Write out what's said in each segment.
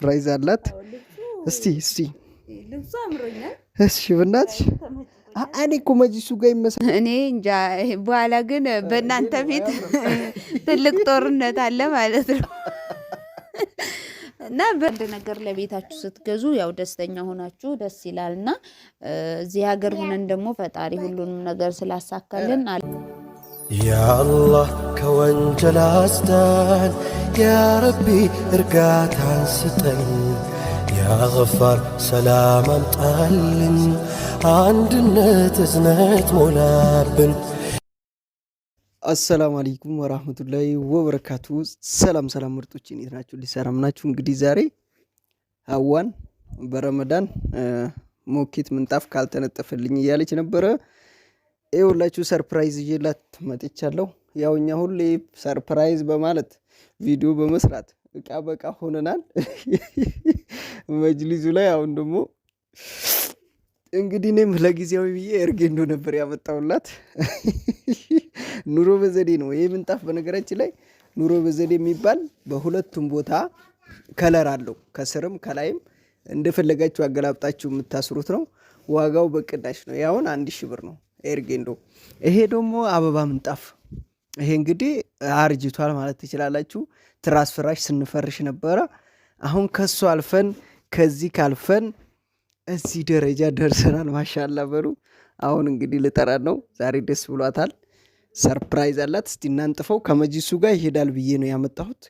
ፕራይዝ አላት። እስቲ እስቲ እሺ ብናትሽ እኔ እኮ መጅሱ ጋር ይመሳል። እኔ እንጃ። በኋላ ግን በእናንተ ፊት ትልቅ ጦርነት አለ ማለት ነው። እና በአንድ ነገር ለቤታችሁ ስትገዙ ያው ደስተኛ ሆናችሁ ደስ ይላል። እና እዚህ ሀገር ሁነን ደግሞ ፈጣሪ ሁሉንም ነገር ስላሳካልን አለ ያአላህ ከወንጀል አስዳን፣ ያረቢ እርጋታን ስጠን፣ ያገፋር ሰላም አምጣልን፣ አንድነት እዝነት ሞላብን። አሰላሙ አለይኩም ወራህመቱላሂ ወበረካቱ። ሰላም ሰላም ምርጦች እንዴት ናችሁ? ሊሰራም ናችሁ? እንግዲህ ዛሬ ሀዋን በረመዳን ሞኬት ምንጣፍ ካልተነጠፈልኝ እያለች ነበረ። ይኸውላችሁ ሰርፕራይዝ ይዤላት መጥቻለሁ። ያው እኛ ሁሌ ሰርፕራይዝ በማለት ቪዲዮ በመስራት እቃ በቃ ሆነናል። መጅሊሱ ላይ አሁን ደግሞ እንግዲህ እኔም ለጊዜያዊ ብዬ ኤርጌንዶ ነበር ያመጣውላት። ኑሮ በዘዴ ነው ይህ ምንጣፍ። በነገራችን ላይ ኑሮ በዘዴ የሚባል በሁለቱም ቦታ ከለር አለው፣ ከስርም ከላይም እንደፈለጋችሁ አገላብጣችሁ የምታስሩት ነው። ዋጋው በቅናሽ ነው። ያሁን አንድ ሺህ ብር ነው። ኤርጌንዶ። ይሄ ደግሞ አበባ ምንጣፍ። ይሄ እንግዲህ አርጅቷል ማለት ትችላላችሁ። ትራስ ፍራሽ ስንፈርሽ ነበረ። አሁን ከሱ አልፈን ከዚህ ካልፈን እዚህ ደረጃ ደርሰናል። ማሻላ በሉ። አሁን እንግዲህ ልጠራ ነው። ዛሬ ደስ ብሏታል። ሰርፕራይዝ አላት። እስቲ እናንጥፈው። ከመጂሱ ጋር ይሄዳል ብዬ ነው ያመጣሁት።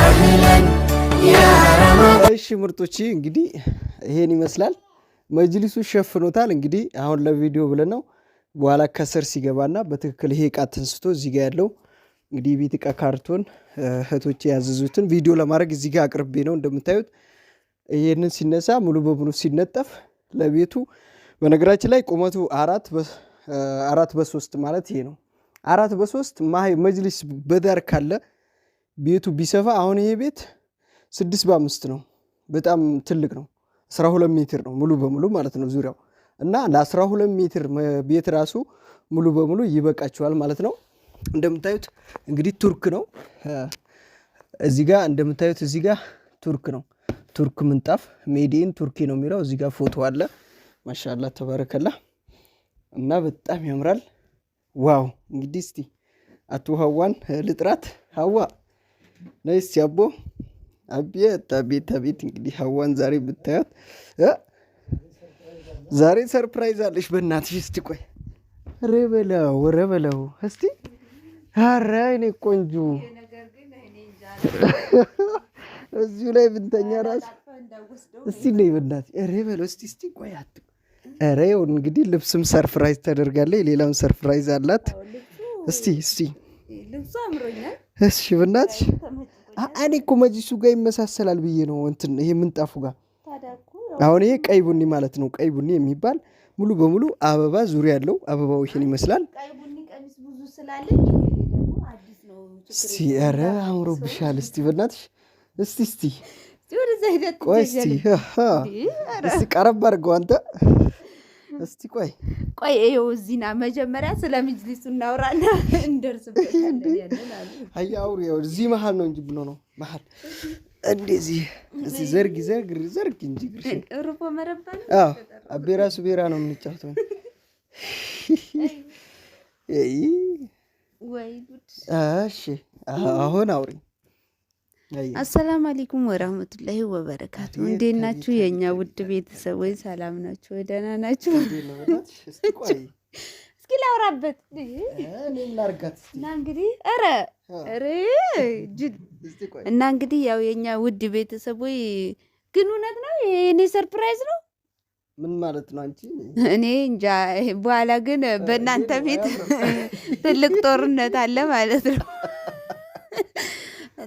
አህለን ምርጦች እንግዲህ ይሄን ይመስላል። መጅሊሱ ሸፍኖታል። እንግዲህ አሁን ለቪዲዮ ብለን ነው። በኋላ ከስር ሲገባና በትክክል ይሄ እቃ ተንስቶ እዚህ ጋር ያለው እንግዲህ ቤት እቃ ካርቶን እህቶች ያዘዙትን ቪዲዮ ለማድረግ እዚህ ጋር አቅርቤ ነው እንደምታዩት። ይሄንን ሲነሳ ሙሉ በሙሉ ሲነጠፍ ለቤቱ በነገራችን ላይ ቁመቱ አራት በሶስት ማለት ይሄ ነው። አራት በሶስት መጅሊስ በዳር ካለ ቤቱ ቢሰፋ አሁን ይሄ ቤት ስድስት በአምስት ነው። በጣም ትልቅ ነው። 12 ሜትር ነው ሙሉ በሙሉ ማለት ነው ዙሪያው እና ለ12 ሜትር ቤት ራሱ ሙሉ በሙሉ ይበቃችኋል ማለት ነው። እንደምታዩት እንግዲህ ቱርክ ነው እዚህ ጋር እንደምታዩት እዚህ ጋር ቱርክ ነው። ቱርክ ምንጣፍ ሜዲን ቱርኪ ነው የሚለው እዚህ ጋር ፎቶ አለ። ማሻላ ተባረከላ እና በጣም ያምራል። ዋው እንግዲህ እስቲ አቶ ሀዋን ልጥራት ሀዋ ነይስ ያቦ አቤት አቤት አቤት! እንግዲህ ሀዋን ዛሬ ብታያት፣ ዛሬ ሰርፕራይዝ አለሽ። በእናትሽ እስቲ ቆይ፣ ረበለው በለው በለው እስቲ፣ ኧረ እኔ ቆንጆ እዚሁ ላይ ብንተኛ ራሱ እስቲ ነይ በእናትሽ፣ ረበለው እስቲ እስቲ ቆይ አት ኧረ ይኸው እንግዲህ ልብስም ሰርፕራይዝ ተደርጋለች። ሌላውን ሰርፕራይዝ አላት። እስቲ እስቲ እሺ በእናትሽ እኔ እኮ መጅሱ ጋር ይመሳሰላል ብዬ ነው እንትን ይሄ ምንጣፉ ጋር። አሁን ይሄ ቀይ ቡኒ ማለት ነው። ቀይ ቡኒ የሚባል ሙሉ በሙሉ አበባ ዙሪያ ያለው አበባው ይሄን ይመስላል። ኧረ አምሮብሻል። እስቲ በእናትሽ እስቲ እስቲ ቆይ እስቲ ቀረብ አድርገው አንተ እስቲ ቆይ ቆይ ይኸው እዚህና መጀመሪያ ስለ መጅሊሱ እናውራና እንደርስበታለን። አውሪ እዚህ መሀል ነው እንጂ ብሎ ነው መሀል እንደዚህ እዚ ዘርግ ዘርግ ዘርግ እንጂ ሩፎ መረባ አቤ ራሱ ቤራ ነው የምንጫወተው። እሺ አሁን አውሪኝ አሰላም አለይኩም ወራህመቱላሂ ወበረካቱ። እንዴት ናችሁ የእኛ ውድ ወይ ሰላም ናችሁ? ደህና ናችሁ? እስኪ ላውራበት እና እንግዲህ ረ ረ እና እንግዲህ ያው የእኛ ውድ ወይ ግን እውነት ነው የኔ ሰርፕራይዝ ነው። ምን ማለት ነው አንቺ? እኔ እንጃ። በኋላ ግን በእናንተ ፊት ትልቅ ጦርነት አለ ማለት ነው።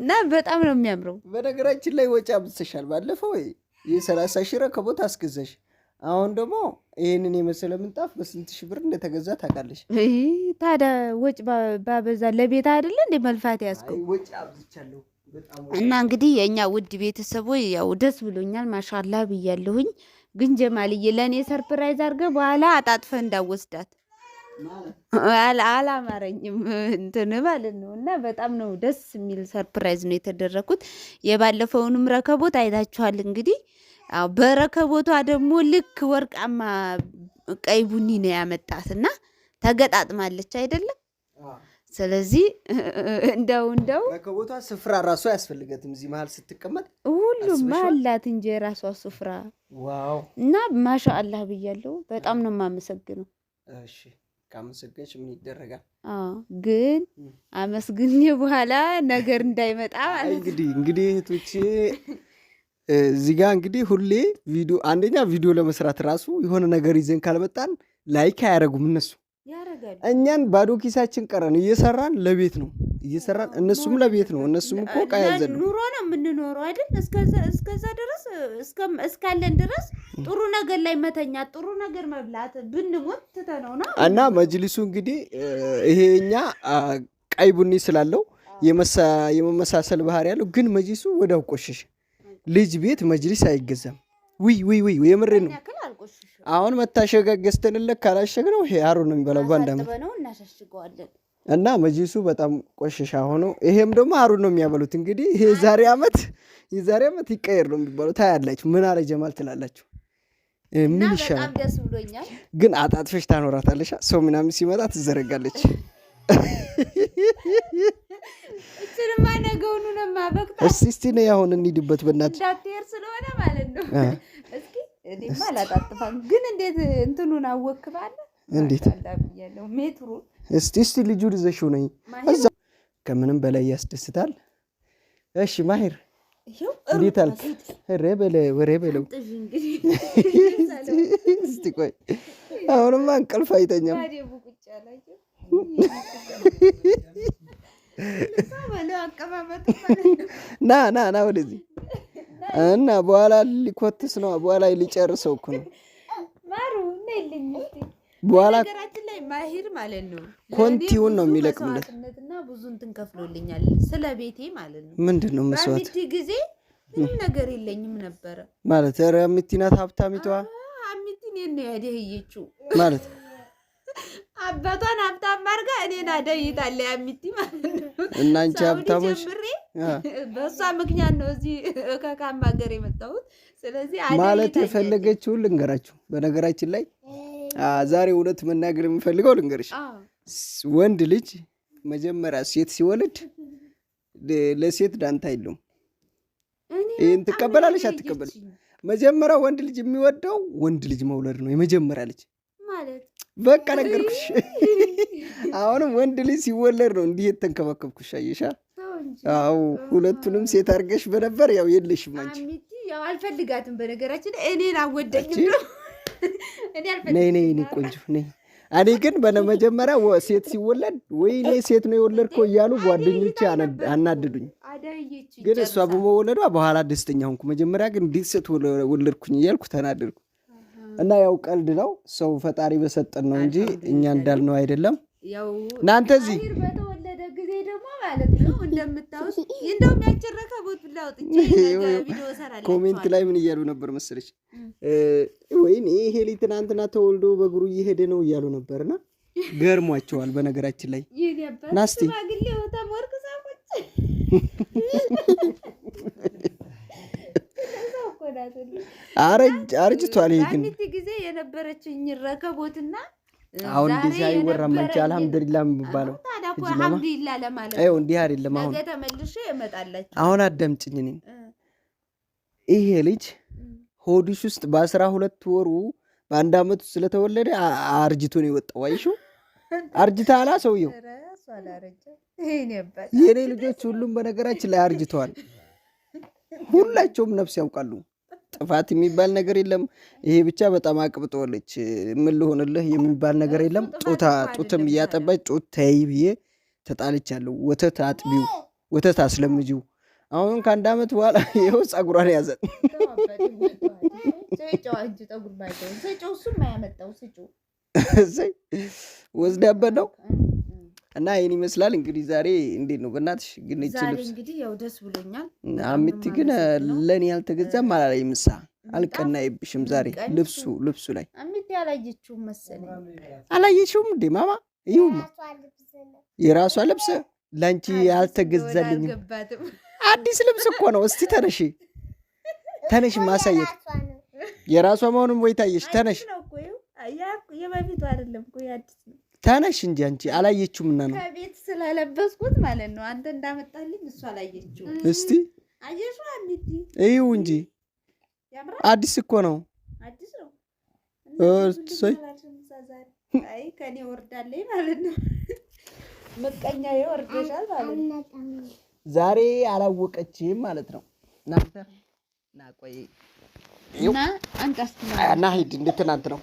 እና በጣም ነው የሚያምረው። በነገራችን ላይ ወጪ አብዝተሻል። ባለፈው የሰላሳ ሺህ ረከቦት አስገዛሽ። አሁን ደግሞ ይህንን የመሰለ ምንጣፍ በስንት ሺህ ብር እንደተገዛ ታውቃለሽ? ታዲያ ወጭ ባበዛ ለቤት አይደለ እንደ መልፋት ያዝከው። እና እንግዲህ የእኛ ውድ ቤተሰቦች ያው ደስ ብሎኛል፣ ማሻላ ብያለሁኝ። ግን ጀማልዬ ለእኔ ሰርፕራይዝ አድርገህ በኋላ አጣጥፈ እንዳወስዳት አላማረኝም እንትን ማለት ነው። እና በጣም ነው ደስ የሚል ሰርፕራይዝ ነው የተደረኩት። የባለፈውንም ረከቦት አይታችኋል እንግዲህ። በረከቦቷ ደግሞ ልክ ወርቃማ ቀይ ቡኒ ነው ያመጣት እና ተገጣጥማለች አይደለም። ስለዚህ እንደው እንደው ረከቦቷ ስፍራ ራሱ አያስፈልገትም። እዚህ መሀል ስትቀመጥ ሁሉም አላት እንጂ የራሷ ስፍራ እና ማሻ አላህ ብያለሁ። በጣም ነው የማመሰግነው። ካመሰገንሽ ምን ይደረጋል? ግን አመስግኜ በኋላ ነገር እንዳይመጣ ማለት እንግዲህ እንግዲህ እህቶች እዚህ ጋር እንግዲህ ሁሌ ቪዲዮ አንደኛ ቪዲዮ ለመስራት ራሱ የሆነ ነገር ይዘን ካልመጣን ላይክ አያደርጉም እነሱ። እኛን ባዶ ኪሳችን ቀረን እየሰራን ለቤት ነው እየሰራን እነሱም ለቤት ነው። እነሱም እኮ ዕቃ ያዘሉ ኑሮ ነው የምንኖረው አይደል? እስከዛ ድረስ እስካለን ድረስ ጥሩ ነገር ላይ መተኛት፣ ጥሩ ነገር መብላት ብንሞት ትተነው ነው እና መጅሊሱ እንግዲህ ይሄኛ ቀይ ቡኒ ስላለው የመመሳሰል ባህሪ ያለው ግን መጅሊሱ ወዳው ቆሸሽ ልጅ ቤት መጅሊስ አይገዛም። ውይ ውይ ውይ የምሬ ነው። አሁን መታሸጋ ገዝተንለት ካላሸግ ነው ይሄ አሩ ነው የሚበላው ባንዳ ነው እናሸሽገዋለን። እና መጅሊሱ በጣም ቆሸሻ ሆኖ ይሄም ደግሞ ሀሩን ነው የሚያበሉት። እንግዲህ የዛሬ ዓመት የዛሬ ዓመት ይቀየር ነው የሚባለው። ታያላችሁ። ምን አለ ጀማል ትላላችሁ። ምን ይሻላል ግን አጣጥፈሽ ታኖራታለሽ። ሰው ምናምን ሲመጣ ትዘረጋለች። እስቲ ነ ያሁን እንሂድበት በእናትሽ ስለሆነ ማለት ነው። እስኪ እኔማ አላጣጥፋም ግን እንዴት እንትኑን አወክባለሁ እንዴት እስቲ እስቲ ልጁ ይዘሽው ነኝ እዛ ከምንም በላይ ያስደስታል። እሺ ማሄር እንዴት አልክ? ሬ በለ ወሬ በለው። እስቲ ቆይ አሁንማ እንቅልፍ አይተኛም። ና ና ና ወደዚህ እና በኋላ ሊኮትስ ነው። በኋላ ሊጨርሰው እኮ ነው። በኋላ ነገራችን ላይ ማሄድ ማለት ነው ኮንቲውን ነው የሚለቅምለት እና ብዙ እንትን ከፍሎልኛል ስለ ቤቴ ማለት ነው። ምንድን ነው መስዋዕት ጊዜ ምንም ነገር የለኝም ነበረ ማለት ረሚቲ ናት ሀብታሚቷ። አሚቲ እኔን ነው ያደህየችው ማለት አባቷን ሀብታም አድርጋ እኔን አደይታለ አሚቲ ማለት ነው። እና አንቺ ሀብታሞች በእሷ ምክንያት ነው እዚህ ከካም ሀገር የመጣሁት። ስለዚህ ማለት የፈለገችውን ልንገራችሁ በነገራችን ላይ ዛሬ እውነት መናገር የምፈልገው ልንገርሽ፣ ወንድ ልጅ መጀመሪያ ሴት ሲወልድ ለሴት ዳንታ የለውም። ይህን ትቀበላለች አትቀበል። መጀመሪያ ወንድ ልጅ የሚወደው ወንድ ልጅ መውለድ ነው። የመጀመሪያ ልጅ በቃ ነገርኩሽ። አሁንም ወንድ ልጅ ሲወለድ ነው እንዲህ የተንከባከብኩሽ። አየሻ? አዎ ሁለቱንም ሴት አድርገሽ በነበር ያው የለሽም አንቺ። አልፈልጋትም በነገራችን እኔን አወደኝም ነው ነይ ነይ፣ ቆንጆ ነይ። እኔ ግን በመጀመሪያ ሴት ሲወለድ ወይኔ ሴት ነው የወለድከው እያሉ ጓደኞቼ አናድዱኝ። ግን እሷ በመወለዷ በኋላ ደስተኛ ሆንኩ። መጀመሪያ ግን እንዴት ሴት ወለድኩኝ እያልኩ ተናደድኩ። እና ያው ቀልድ ነው፣ ሰው ፈጣሪ በሰጠን ነው እንጂ እኛ እንዳልነው አይደለም። እናንተ እዚህ ማለት ነው። እንደምታውስ እንደውም ያችን ረከቦት ኮሜንት ላይ ምን እያሉ ነበር መሰለች? ወይኔ ይሄ ልጅ ትናንትና ተወልዶ በእግሩ እየሄደ ነው እያሉ ነበርና ገርሟቸዋል። በነገራችን ላይ ናስቲ አረጅቷል። ይሄ ግን ጊዜ የነበረችኝ ረከቦትና አሁን እንዲህ አይወራም እንጂ አልሐምዱሊላህ የሚባለው ይኸው እንዲህ አይደለም። አሁን አሁን አዳምጪኝ። እኔ ይሄ ልጅ ሆድሽ ውስጥ በአስራ ሁለት ወሩ በአንድ አመቱ ስለተወለደ አርጅቶ ነው የወጣው። አይሽው አርጅታላ ሰውየው። የእኔ ልጆች ሁሉም በነገራችን ላይ አርጅተዋል። ሁላቸውም ነፍስ ያውቃሉ። ጥፋት የሚባል ነገር የለም። ይሄ ብቻ በጣም አቅብጦልች ምን ልሆንልህ የሚባል ነገር የለም። ጡታ ጡትም እያጠባች ጡት ተይ ብዬ ተጣልቻለሁ። ወተት አጥቢው፣ ወተት አስለምጂው። አሁን ከአንድ ዓመት በኋላ ይኸው ጸጉሯን ያዘን። ወስዳበት ነው እና ይህን ይመስላል እንግዲህ ዛሬ። እንዴት ነው በእናትሽ ግን ይች ልብስ እንግዲህ ያው ደስ ብሎኛል። አሚቲ ግን ለእኔ ያልተገዛም አላለኝም። ምሳ አልቀናይብሽም ዛሬ ልብሱ ልብሱ ላይ አሚቲ አላየችውም መሰለኝ። አላየችውም እንዴ ማማ? ይሁማ የራሷ ልብስ ለአንቺ ያልተገዛልኝም አዲስ ልብስ እኮ ነው። እስቲ ተነሽ ተነሽ፣ ማሳየት የራሷ መሆኑም ወይ ታየሽ። ተነሽ የበፊቱ አይደለም እኮ የአዲስ ነው ተነሽ እንጂ አንቺ አላየችውም እና ነው ከቤት ስላለበስኩት ማለት ነው። አንተ እንዳመጣልኝ እሱ አላየችው። እስቲ አየሽው አንዲ እዩ እንጂ አዲስ እኮ ነው። አዲስ ነው። እርሶይ አይ ከኔ ወርዳለኝ ማለት ነው። ምቀኛ ይወርደሻል ማለት ነው። ዛሬ አላወቀችም ማለት ነው። ናንተ ና ቆይ እና አንተ አስተምራ ና ሂድ እንደ ትናንት ነው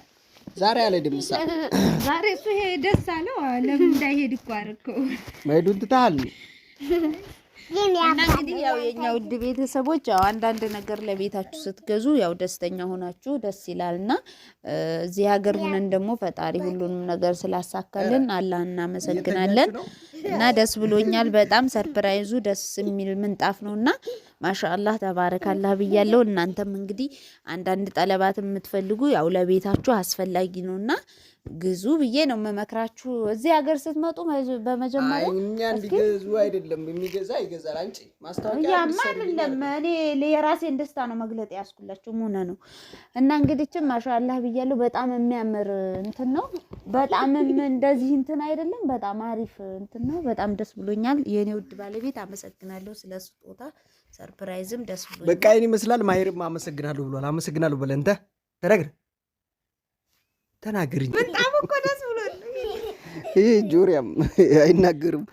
ዛሬ ያለ ድምጽ ዛሬ እሱ ይሄ ደስ አለው። ለምን እንዳይሄድ እኮ አደረገው። መሄዱን ትተሃል። እንግዲህ ያው የኛ ውድ ቤተሰቦች ያው አንዳንድ ነገር ለቤታችሁ ስትገዙ ያው ደስተኛ ሆናችሁ ደስ ይላልና እዚህ ሀገር ሆነን ደግሞ ፈጣሪ ሁሉንም ነገር ስላሳካልን አላህ እናመሰግናለን። እና ደስ ብሎኛል በጣም ሰርፕራይዙ ደስ የሚል ምንጣፍ ነውና ማሻአላህ ተባረካላህ ብያለሁ። እናንተም እንግዲህ አንዳንድ ጠለባት የምትፈልጉ ያው ለቤታችሁ አስፈላጊ ነውና ግዙ ብዬ ነው የምመክራችሁ። እዚህ ሀገር ስትመጡ በመጀመሪያ እኛ እንዲገዙ አይደለም የሚገዛ ይገዛል። አንቺ ማስታወቂያ አይደለም እኔ የራሴን ደስታ ነው መግለጥ ያስኩላችሁ ሆነ ነው እና እንግዲችም ማሻአላህ ብያለሁ። በጣም የሚያምር እንትን ነው። በጣምም እንደዚህ እንትን አይደለም። በጣም አሪፍ እንትን ነው። በጣም ደስ ብሎኛል። የእኔ ውድ ባለቤት አመሰግናለሁ ስለ ስጦታ። ሰርፕራይዝም ደስ ብሎ በቃ ይህን ይመስላል። ማሄርም አመሰግናለሁ ብሏል። አመሰግናለሁ ብለህ እንተ ተናግር ተናግር። በጣም እኮ ደስ ብሎ ይህ ጆሪያም አይናገርም